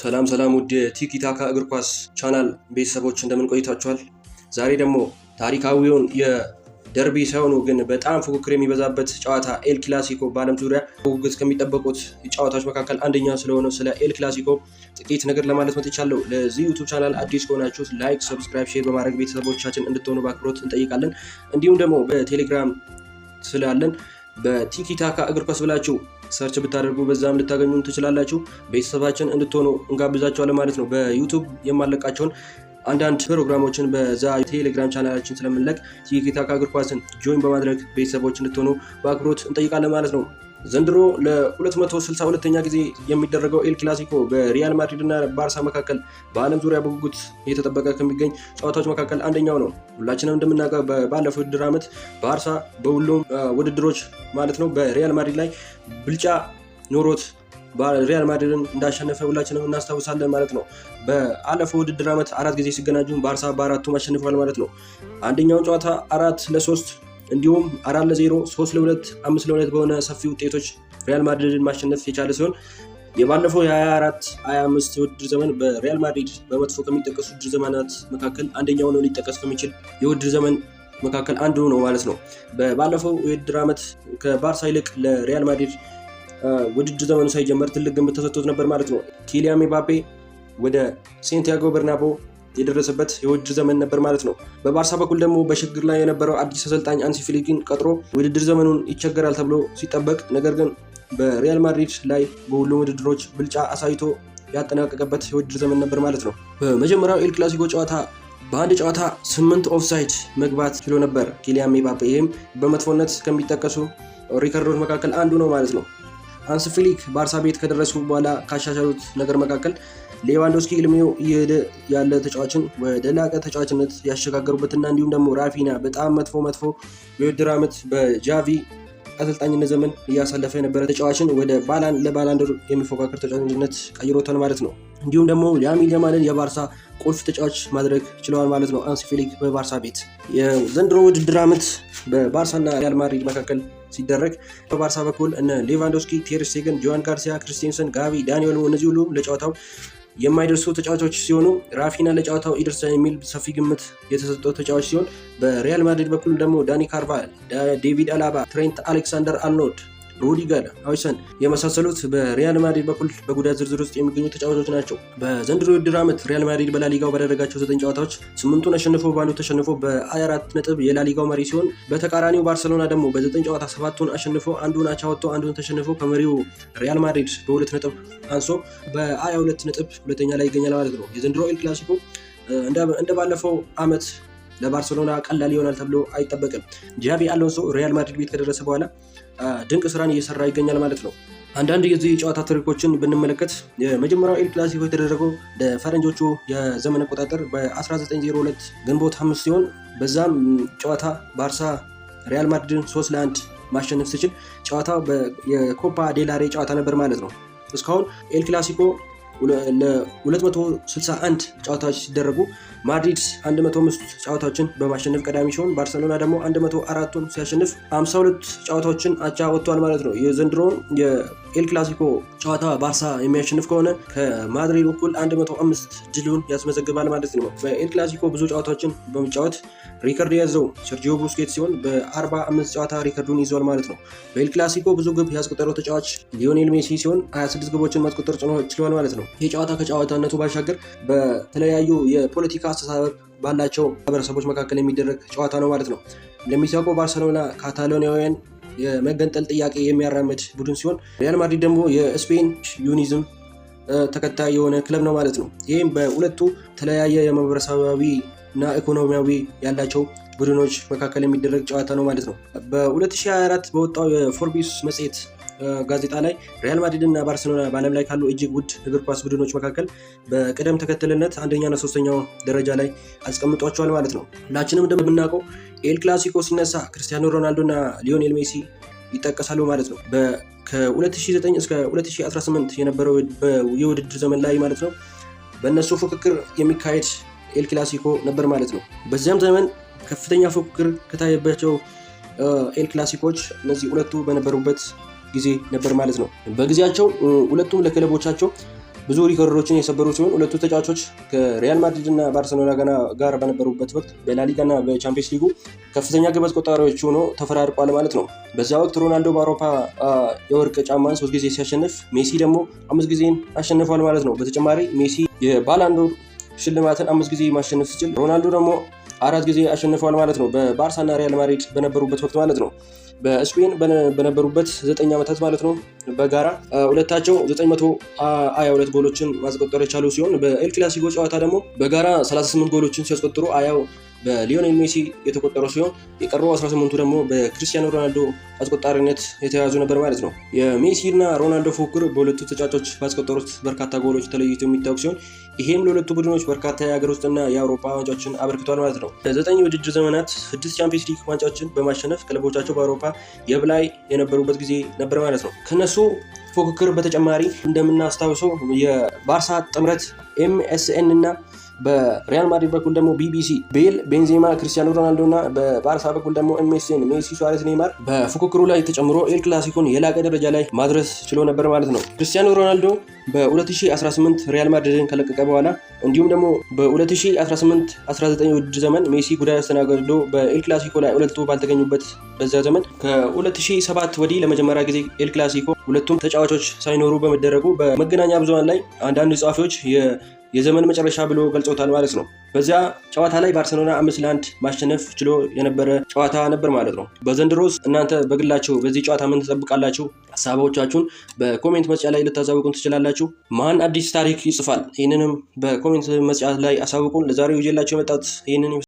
ሰላም ሰላም ውድ የቲኪታካ እግር ኳስ ቻናል ቤተሰቦች እንደምን ቆይታችኋል? ዛሬ ደግሞ ታሪካዊውን የደርቢ ሳይሆኑ ግን በጣም ፉክክር የሚበዛበት ጨዋታ ኤል ክላሲኮ በዓለም ዙሪያ ፉክክር ከሚጠበቁት ጨዋታዎች መካከል አንደኛ ስለሆነ ስለ ኤል ክላሲኮ ጥቂት ነገር ለማለት መጥቻለሁ። ለዚህ ዩቱብ ቻናል አዲስ ከሆናችሁ ላይክ፣ ሰብስክራይብ፣ ሼር በማድረግ ቤተሰቦቻችን እንድትሆኑ በአክብሮት እንጠይቃለን። እንዲሁም ደግሞ በቴሌግራም ስላለን በቲኪታካ እግር ኳስ ብላችሁ ሰርች ብታደርጉ በዛም ልታገኙን ትችላላችሁ። ቤተሰባችን እንድትሆኑ እንጋብዛችኋለን ማለት ነው። በዩቱብ የማለቃቸውን አንዳንድ ፕሮግራሞችን በዛ ቴሌግራም ቻናላችን ስለምንለቅ ቲኪታካ እግር ኳስን ጆይን በማድረግ ቤተሰቦች እንድትሆኑ በአክብሮት እንጠይቃለን ማለት ነው። ዘንድሮ ለ262ኛ ጊዜ የሚደረገው ኤል ክላሲኮ በሪያል ማድሪድ እና ባርሳ መካከል በዓለም ዙሪያ በጉጉት እየተጠበቀ ከሚገኝ ጨዋታዎች መካከል አንደኛው ነው። ሁላችንም እንደምናውቀው ባለፈው ውድድር ዓመት ባርሳ በሁሉም ውድድሮች ማለት ነው በሪያል ማድሪድ ላይ ብልጫ ኖሮት ሪያል ማድሪድን እንዳሸነፈ ሁላችንም እናስታውሳለን ማለት ነው። በአለፈው ውድድር ዓመት አራት ጊዜ ሲገናኙ ባርሳ በአራቱም አሸንፈዋል ማለት ነው። አንደኛውን ጨዋታ አራት ለሶስት እንዲሁም አራት ለዜሮ ሶስት ለሁለት አምስት ለሁለት በሆነ ሰፊ ውጤቶች ሪያል ማድሪድን ማሸነፍ የቻለ ሲሆን የባለፈው የ24 25 የውድድር ዘመን በሪያል ማድሪድ በመጥፎ ከሚጠቀሱ ውድድር ዘመናት መካከል አንደኛው ነው ሊጠቀስ ከሚችል የውድድር ዘመን መካከል አንዱ ነው ማለት ነው። በባለፈው የውድድር ዓመት ከባርሳ ይልቅ ለሪያል ማድሪድ ውድድር ዘመኑ ሳይጀመር ትልቅ ግምት ተሰጥቶት ነበር ማለት ነው። ኪሊያን ምባፔ ወደ ሴንቲያጎ በርናቦ የደረሰበት የውድድር ዘመን ነበር ማለት ነው። በባርሳ በኩል ደግሞ በሽግግር ላይ የነበረው አዲስ አሰልጣኝ አንሲ ቀጥሮ ውድድር ዘመኑን ይቸገራል ተብሎ ሲጠበቅ፣ ነገር ግን በሪያል ማድሪድ ላይ በሁሉም ውድድሮች ብልጫ አሳይቶ ያጠናቀቀበት የውድድር ዘመን ነበር ማለት ነው። በመጀመሪያው ኤል ክላሲኮ ጨዋታ በአንድ ጨዋታ ስምንት ኦፍሳይድ መግባት ችሎ ነበር ኪሊያን ምባፔ። ይህም በመጥፎነት ከሚጠቀሱ ሪከርዶች መካከል አንዱ ነው ማለት ነው። አንስ ፍሊክ ባርሳ ቤት ከደረሱ በኋላ ካሻሻሉት ነገር መካከል ሌቫንዶስኪ እድሜው እየሄደ ያለ ተጫዋችን ወደ ላቀ ተጫዋችነት ያሸጋገሩበትና እንዲሁም ደግሞ ራፊና በጣም መጥፎ መጥፎ የውድድር ዓመት በጃቪ አሰልጣኝነት ዘመን እያሳለፈ የነበረ ተጫዋችን ወደ ባላን ለባላንዶር የሚፎካከር ተጫዋችነት ቀይሮታል ማለት ነው። እንዲሁም ደግሞ ላሚን ያማልን የባርሳ ቁልፍ ተጫዋች ማድረግ ችለዋል ማለት ነው። አንሲ ፌሊክ በባርሳ ቤት የዘንድሮ ውድድር ዓመት በባርሳና ሪያል ማድሪድ መካከል ሲደረግ በባርሳ በኩል እነ ሌቫንዶስኪ፣ ቴርስቴገን፣ ጆዋን ጋርሲያ፣ ክርስቲንሰን ጋቢ፣ ዳንኤል እነዚህ ሁሉ ለጨዋታው የማይደርሱ ተጫዋቾች ሲሆኑ ራፊና ለጨዋታው ይደርሳል የሚል ሰፊ ግምት የተሰጠው ተጫዋች ሲሆን በሪያል ማድሪድ በኩል ደግሞ ዳኒ ካርቫል፣ ዴቪድ አላባ፣ ትሬንት አሌክሳንደር አልኖድ ሮዲጋዳ፣ አዊሳን የመሳሰሉት በሪያል ማድሪድ በኩል በጉዳት ዝርዝር ውስጥ የሚገኙ ተጫዋቾች ናቸው። በዘንድሮ ውድድር ዓመት ሪያል ማድሪድ በላሊጋው ባደረጋቸው ዘጠኝ ጨዋታዎች ስምንቱን አሸንፎ ባሉ ተሸንፎ በ24 ነጥብ የላሊጋው መሪ ሲሆን በተቃራኒው ባርሰሎና ደግሞ በዘጠኝ ጨዋታ ሰባቱን አሸንፎ አንዱን አቻ ወጥቶ አንዱን ተሸንፎ ከመሪው ሪያል ማድሪድ በሁለት ነጥብ አንሶ በ22 ነጥብ ሁለተኛ ላይ ይገኛል ማለት ነው። የዘንድሮ ኤል ክላሲኮ እንደ ባለፈው ዓመት ለባርሴሎና ቀላል ይሆናል ተብሎ አይጠበቅም። ጃቢ አሎንሶ ሪያል ማድሪድ ቤት ከደረሰ በኋላ ድንቅ ስራን እየሰራ ይገኛል ማለት ነው። አንዳንድ የዚህ ጨዋታ ታሪኮችን ብንመለከት የመጀመሪያው ኤል ክላሲኮ የተደረገው ለፈረንጆቹ የዘመን አቆጣጠር በ1902 ግንቦት አምስት ሲሆን በዛም ጨዋታ ባርሳ ሪያል ማድሪድን ሶስት ለአንድ ማሸነፍ ሲችል ጨዋታ የኮፓ ዴላሬ ጨዋታ ነበር ማለት ነው። እስካሁን ኤል ክላሲኮ ለ261 ጨዋታዎች ሲደረጉ ማድሪድ 105 ጨዋታዎችን በማሸነፍ ቀዳሚ ሲሆን ባርሰሎና ደግሞ 104ቱን ሲያሸንፍ 52 ጨዋታዎችን አቻ ወጥቷል ማለት ነው። የዘንድሮውን ኤል ክላሲኮ ጨዋታ ባርሳ የሚያሸንፍ ከሆነ ከማድሪድ በኩል 105 ድሉን ያስመዘግባል ማለት ነው። በኤል ክላሲኮ ብዙ ጨዋታዎችን በመጫወት ሪከርድ የያዘው ሰርጂዮ ቡስኬት ሲሆን በ45 ጨዋታ ሪከርዱን ይዟል ማለት ነው። በኤል ክላሲኮ ብዙ ግብ ያስቆጠረው ተጫዋች ሊዮኔል ሜሲ ሲሆን 26 ግቦችን ማስቆጠር ጽኖ ችሏል ማለት ነው። ይህ ጨዋታ ከጨዋታነቱ ባሻገር በተለያዩ የፖለቲካ አስተሳሰብ ባላቸው ማህበረሰቦች መካከል የሚደረግ ጨዋታ ነው ማለት ነው። እንደሚታወቀው ባርሰሎና ካታሎኒያውያን የመገንጠል ጥያቄ የሚያራምድ ቡድን ሲሆን ሪያል ማድሪድ ደግሞ የስፔን ዩኒዝም ተከታይ የሆነ ክለብ ነው ማለት ነው። ይህም በሁለቱ ተለያየ የማህበረሰባዊ እና ኢኮኖሚያዊ ያላቸው ቡድኖች መካከል የሚደረግ ጨዋታ ነው ማለት ነው። በ2024 በወጣው የፎርቢስ መጽሔት ጋዜጣ ላይ ሪያል ማድሪድ እና ባርሴሎና በዓለም ላይ ካሉ እጅግ ውድ እግር ኳስ ቡድኖች መካከል በቅደም ተከተልነት አንደኛና ሶስተኛው ደረጃ ላይ አስቀምጧቸዋል ማለት ነው። ሁላችንም እንደምናውቀው ኤል ክላሲኮ ሲነሳ ክርስቲያኖ ሮናልዶ እና ሊዮኔል ሜሲ ይጠቀሳሉ ማለት ነው። ከ2009 እስከ 2018 የነበረው የውድድር ዘመን ላይ ማለት ነው በእነሱ ፉክክር የሚካሄድ ኤል ክላሲኮ ነበር ማለት ነው። በዚያም ዘመን ከፍተኛ ፉክክር ከታየባቸው ኤል ክላሲኮች እነዚህ ሁለቱ በነበሩበት ጊዜ ነበር ማለት ነው። በጊዜያቸው ሁለቱም ለክለቦቻቸው ብዙ ሪኮርዶችን የሰበሩ ሲሆን ሁለቱ ተጫዋቾች ከሪያል ማድሪድ እና ባርሰሎና ጋር በነበሩበት ወቅት በላሊጋ እና በቻምፒየንስ ሊጉ ከፍተኛ ግብ አስቆጣሪዎች ሆኖ ተፈራርቋል ማለት ነው። በዚያ ወቅት ሮናልዶ በአውሮፓ የወርቅ ጫማን ሶስት ጊዜ ሲያሸንፍ ሜሲ ደግሞ አምስት ጊዜን አሸንፏል ማለት ነው። በተጨማሪ ሜሲ የባላንዶር ሽልማትን አምስት ጊዜ ማሸነፍ ሲችል ሮናልዶ ደግሞ አራት ጊዜ አሸንፈዋል ማለት ነው። በባርሳና ሪያል ማድሪድ በነበሩበት ወቅት ማለት ነው። በስፔን በነበሩበት ዘጠኝ ዓመታት ማለት ነው። በጋራ ሁለታቸው 922 ጎሎችን ማስቆጠር የቻሉ ሲሆን በኤል ክላሲኮ ጨዋታ ደግሞ በጋራ 38 ጎሎችን ሲያስቆጥሩ አያው በሊዮኔል ሜሲ የተቆጠሩ ሲሆን የቀሩ 18ቱ ደግሞ በክርስቲያኖ ሮናልዶ አስቆጣሪነት የተያዙ ነበር ማለት ነው። የሜሲ እና ሮናልዶ ፉክክር በሁለቱ ተጫዋቾች ባስቆጠሩት በርካታ ጎሎች ተለይቶ የሚታወቅ ሲሆን ይሄም ለሁለቱ ቡድኖች በርካታ የሀገር ውስጥና የአውሮፓ ዋንጫዎችን አበርክቷል ማለት ነው። ለዘጠኝ ውድድር ዘመናት ስድስት ቻምፒየንስ ሊግ ዋንጫዎችን በማሸነፍ ክለቦቻቸው በአውሮፓ የበላይ የነበሩበት ጊዜ ነበር ማለት ነው። ከነሱ ፉክክር በተጨማሪ እንደምናስታውሰው የባርሳ ጥምረት ኤምኤስኤን እና በሪያል ማድሪድ በኩል ደግሞ ቢቢሲ ቤል፣ ቤንዜማ፣ ክርስቲያኖ ሮናልዶ እና በባርሳ በኩል ደግሞ ኤምኤስኤን ሜሲ፣ ሱዋሬዝ፣ ኔይማር በፉክክሩ ላይ ተጨምሮ ኤል ክላሲኮን የላቀ ደረጃ ላይ ማድረስ ችሎ ነበር ማለት ነው። ክርስቲያኖ ሮናልዶ በ2018 ሪያል ማድሪድን ከለቀቀ በኋላ እንዲሁም ደግሞ በ2018/19 ውድድር ዘመን ሜሲ ጉዳት አስተናግዶ በኤል ክላሲኮ ላይ ሁለቱ ባልተገኙበት በዛ ዘመን ከ2007 ወዲህ ለመጀመሪያ ጊዜ ኤል ክላሲኮ ሁለቱም ተጫዋቾች ሳይኖሩ በመደረጉ በመገናኛ ብዙኃን ላይ አንዳንድ ጸሐፊዎች የዘመን መጨረሻ ብሎ ገልጸውታል ማለት ነው። በዚያ ጨዋታ ላይ ባርሰሎና አምስት ለአንድ ማሸነፍ ችሎ የነበረ ጨዋታ ነበር ማለት ነው። በዘንድሮስ እናንተ በግላችሁ በዚህ ጨዋታ ምን ትጠብቃላችሁ? ሀሳቦቻችሁን በኮሜንት መስጫ ላይ ልታሳውቁን ትችላላችሁ። ማን አዲስ ታሪክ ይጽፋል? ይህንንም በኮሜንት መስጫ ላይ አሳውቁን። ለዛሬው ይዤላችሁ የመጣሁት ይህንን